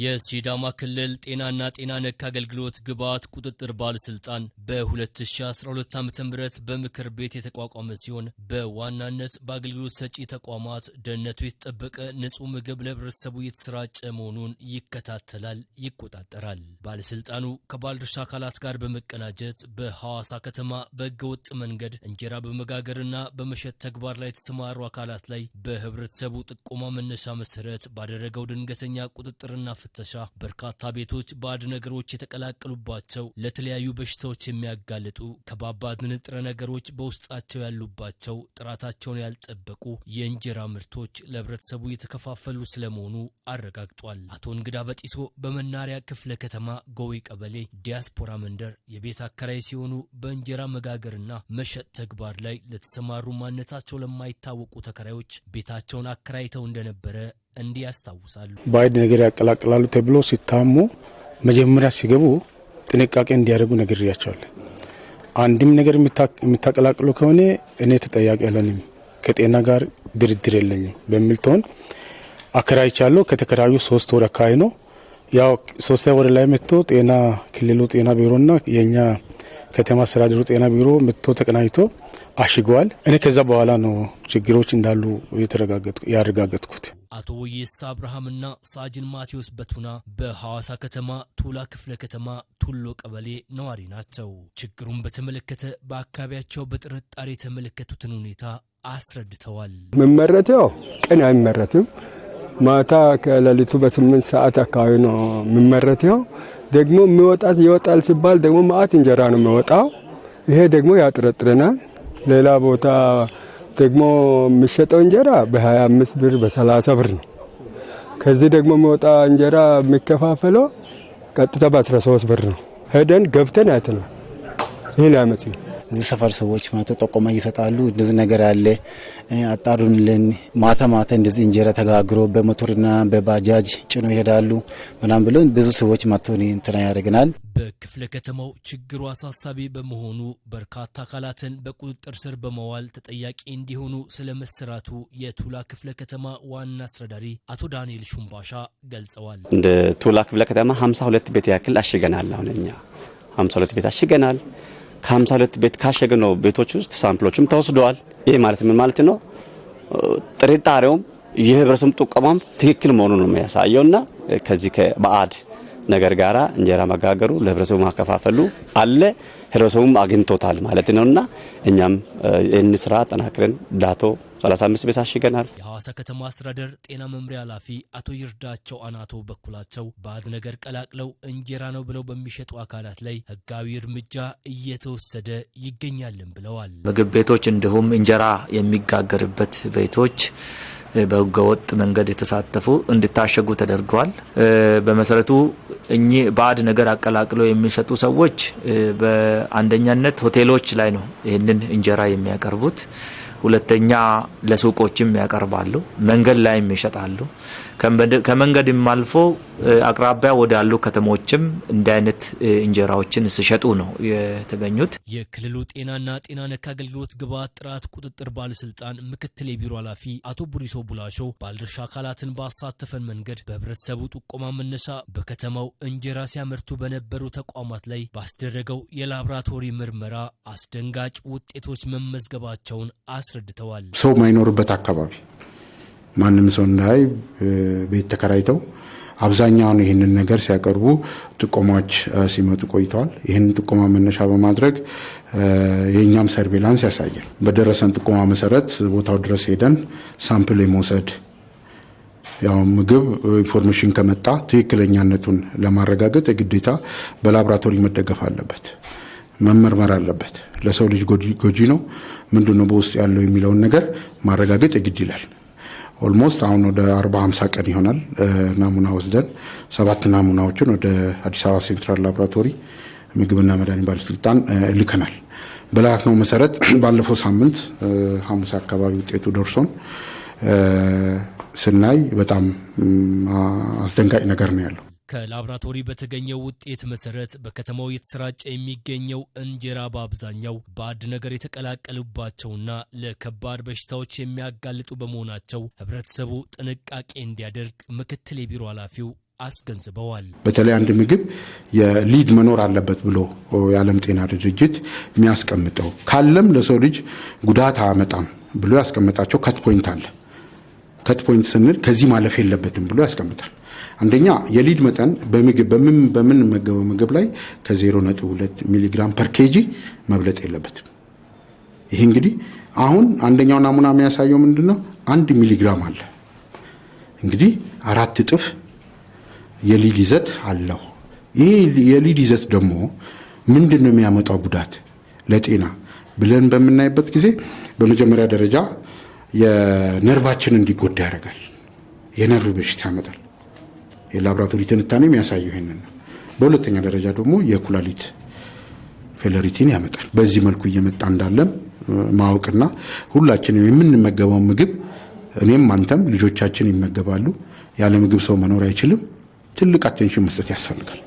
የሲዳማ ክልል ጤናና ጤና ነክ አገልግሎት ግብዓት ቁጥጥር ባለስልጣን በ2012 ዓ ም በምክር ቤት የተቋቋመ ሲሆን በዋናነት በአገልግሎት ሰጪ ተቋማት ደህንነቱ የተጠበቀ ንጹህ ምግብ ለህብረተሰቡ የተሰራጨ መሆኑን ይከታተላል፣ ይቆጣጠራል። ባለስልጣኑ ከባለድርሻ አካላት ጋር በመቀናጀት በሐዋሳ ከተማ በህገወጥ መንገድ እንጀራ በመጋገርና በመሸጥ ተግባር ላይ የተሰማሩ አካላት ላይ በህብረተሰቡ ጥቆማ መነሻ መሰረት ባደረገው ድንገተኛ ቁጥጥርና ፍተሻ በርካታ ቤቶች ባዕድ ነገሮች የተቀላቀሉባቸው ለተለያዩ በሽታዎች የሚያጋልጡ ከባባድ ንጥረ ነገሮች በውስጣቸው ያሉባቸው ጥራታቸውን ያልጠበቁ የእንጀራ ምርቶች ለህብረተሰቡ የተከፋፈሉ ስለመሆኑ አረጋግጧል። አቶ እንግዳ በጢሶ በመናሪያ ክፍለ ከተማ ጎዌ ቀበሌ ዲያስፖራ መንደር የቤት አከራይ ሲሆኑ በእንጀራ መጋገርና መሸጥ ተግባር ላይ ለተሰማሩ ማንነታቸው ለማይታወቁ ተከራዮች ቤታቸውን አከራይተው እንደነበረ እንዲህ ያስታውሳሉ። ባዕድ ነገር ያቀላቅላሉ ተብሎ ሲታሙ መጀመሪያ ሲገቡ ጥንቃቄ እንዲያደርጉ ነግሬያቸዋለሁ። አንድም ነገር የሚታቀላቅሉ ከሆነ እኔ ተጠያቂ አልሆንም፣ ከጤና ጋር ድርድር የለኝም በሚል ትሆን አከራይቻለሁ። ከተከራዩ ሶስት ወር አካባቢ ነው። ያው ሶስተኛ ወር ላይ መጥቶ ጤና ክልሉ ጤና ቢሮና የእኛ ከተማ አስተዳደሩ ጤና ቢሮ መጥቶ ተቀናጅቶ አሽገዋል። እኔ ከዛ በኋላ ነው ችግሮች እንዳሉ ያረጋገጥኩት። አቶ ወየሳ አብርሃምና ሳጅን ማቴዎስ በቱና በሐዋሳ ከተማ ቱላ ክፍለ ከተማ ቱሎ ቀበሌ ነዋሪ ናቸው። ችግሩን በተመለከተ በአካባቢያቸው በጥርጣሬ የተመለከቱትን ሁኔታ አስረድተዋል። መመረት ያው ቀን አይመረትም። ማታ ከሌሊቱ በስምንት ሰዓት አካባቢ ነው የምመረት ያው ደግሞ የሚወጣት ይወጣል ሲባል ደግሞ ማአት እንጀራ ነው የሚወጣው። ይሄ ደግሞ ያጥረጥረናል። ሌላ ቦታ ደግሞ የሚሸጠው እንጀራ በ25 ብር በ30 ብር ነው። ከዚህ ደግሞ የሚወጣ እንጀራ የሚከፋፈለው ቀጥታ በ13 ብር ነው። ሄደን ገብተን አይተናል። ይህን አይመስልም። እዚህ ሰፈር ሰዎች ማለት ጠቆማ ይሰጣሉ። እንደዚህ ነገር አለ አጣሩንልን። ማታ ማታ እንደዚህ እንጀራ ተጋግሮ በሞተርና በባጃጅ ጭኖ ይሄዳሉ ምናም ብሎ ብዙ ሰዎች ማቶ እንትና ያደርግናል። በክፍለ ከተማው ችግሩ አሳሳቢ በመሆኑ በርካታ አካላትን በቁጥጥር ስር በመዋል ተጠያቂ እንዲሆኑ ስለመሰራቱ የቱላ ክፍለ ከተማ ዋና አስተዳዳሪ አቶ ዳንኤል ሹምባሻ ገልጸዋል። እንደ ቱላ ክፍለ ከተማ 52 ቤት ያክል አሽገናል። አሁን እኛ 52 ቤት አሽገናል። ከ52 ቤት ካሸግነው ቤቶች ውስጥ ሳምፕሎችም ተወስደዋል። ይህ ማለት ምን ማለት ነው? ጥርጣሬውም የህብረተሰብ ጥቆማም ትክክል መሆኑን ነው የሚያሳየው እና ከዚህ ከባዕድ ነገር ጋራ እንጀራ መጋገሩ ለህብረተሰቡ ማከፋፈሉ አለ ህብረተሰቡም አግኝቶታል ማለት ነውና እኛም ይህን ስራ ጠናክረን ዳቶ 35 ቤት አሽገናል። የሐዋሳ ከተማ አስተዳደር ጤና መምሪያ ኃላፊ አቶ ይርዳቸው አናቶ በኩላቸው ባዕድ ነገር ቀላቅለው እንጀራ ነው ብለው በሚሸጡ አካላት ላይ ህጋዊ እርምጃ እየተወሰደ ይገኛልን ብለዋል። ምግብ ቤቶች እንዲሁም እንጀራ የሚጋገርበት ቤቶች በህገወጥ መንገድ የተሳተፉ እንዲታሸጉ ተደርገዋል። በመሰረቱ እኚህ ባዕድ ነገር አቀላቅለው የሚሸጡ ሰዎች በአንደኛነት ሆቴሎች ላይ ነው ይህንን እንጀራ የሚያቀርቡት። ሁለተኛ ለሱቆችም ያቀርባሉ፣ መንገድ ላይም ይሸጣሉ። ከመንገድም አልፎ አቅራቢያ ወዳሉ ከተሞችም እንዲህ አይነት እንጀራዎችን ሲሸጡ ነው የተገኙት። የክልሉ ጤናና ጤና ነክ አገልግሎት ግብዓት ጥራት ቁጥጥር ባለስልጣን ምክትል የቢሮ ኃላፊ አቶ ቡሪሶ ቡላሾ ባለድርሻ አካላትን ባሳተፈን መንገድ በህብረተሰቡ ጥቆማ መነሻ በከተማው እንጀራ ሲያመርቱ በነበሩ ተቋማት ላይ ባስደረገው የላብራቶሪ ምርመራ አስደንጋጭ ውጤቶች መመዝገባቸውን አስረድተዋል። ሰው ማይኖርበት አካባቢ ማንም ሰው እንዳይ ቤት ተከራይተው አብዛኛውን ይህንን ነገር ሲያቀርቡ ጥቆማዎች ሲመጡ ቆይተዋል። ይህንን ጥቆማ መነሻ በማድረግ የእኛም ሰርቬላንስ ያሳያል። በደረሰን ጥቆማ መሰረት ቦታው ድረስ ሄደን ሳምፕል የመውሰድ ያው ምግብ ኢንፎርሜሽን ከመጣ ትክክለኛነቱን ለማረጋገጥ የግዴታ በላብራቶሪ መደገፍ አለበት፣ መመርመር አለበት። ለሰው ልጅ ጎጂ ነው ምንድነው በውስጥ በውስጡ ያለው የሚለውን ነገር ማረጋገጥ የግድ ይላል። ኦልሞስት አሁን ወደ አርባ ሀምሳ ቀን ይሆናል ናሙና ወስደን ሰባት ናሙናዎችን ወደ አዲስ አበባ ሴንትራል ላቦራቶሪ ምግብና መድኃኒት ባለስልጣን ልከናል። በላክነው መሰረት ባለፈው ሳምንት ሐሙስ አካባቢ ውጤቱ ደርሶን ስናይ በጣም አስደንጋጭ ነገር ነው ያለው። ከላብራቶሪ በተገኘው ውጤት መሰረት በከተማው የተሰራጨ የሚገኘው እንጀራ በአብዛኛው ባዕድ ነገር የተቀላቀሉባቸውና ለከባድ በሽታዎች የሚያጋልጡ በመሆናቸው ህብረተሰቡ ጥንቃቄ እንዲያደርግ ምክትል የቢሮ ኃላፊው አስገንዝበዋል። በተለይ አንድ ምግብ የሊድ መኖር አለበት ብሎ የዓለም ጤና ድርጅት የሚያስቀምጠው ካለም ለሰው ልጅ ጉዳት አያመጣም ብሎ ያስቀምጣቸው ከት ፖይንት አለ። ከት ፖይንት ስንል ከዚህ ማለፍ የለበትም ብሎ ያስቀምጣል። አንደኛ የሊድ መጠን በምግብ በምንመገበው ምግብ ላይ ከ0.2 ሚሊግራም ፐር ኬጂ መብለጥ የለበትም። ይህ እንግዲህ አሁን አንደኛው ናሙና የሚያሳየው ምንድን ነው? አንድ ሚሊግራም አለ እንግዲህ አራት እጥፍ የሊድ ይዘት አለው። ይህ የሊድ ይዘት ደግሞ ምንድን ነው የሚያመጣው ጉዳት ለጤና ብለን በምናይበት ጊዜ በመጀመሪያ ደረጃ የነርቫችን እንዲጎዳ ያደርጋል። የነርቭ በሽታ ያመጣል። የላብራቶሪ ትንታኔ የሚያሳየው ይህንን ነው። በሁለተኛ ደረጃ ደግሞ የኩላሊት ፌለሪቲን ያመጣል። በዚህ መልኩ እየመጣ እንዳለም ማወቅና ሁላችንም የምንመገበው ምግብ እኔም አንተም ልጆቻችን ይመገባሉ። ያለ ምግብ ሰው መኖር አይችልም። ትልቅ አቴንሽን መስጠት ያስፈልጋል።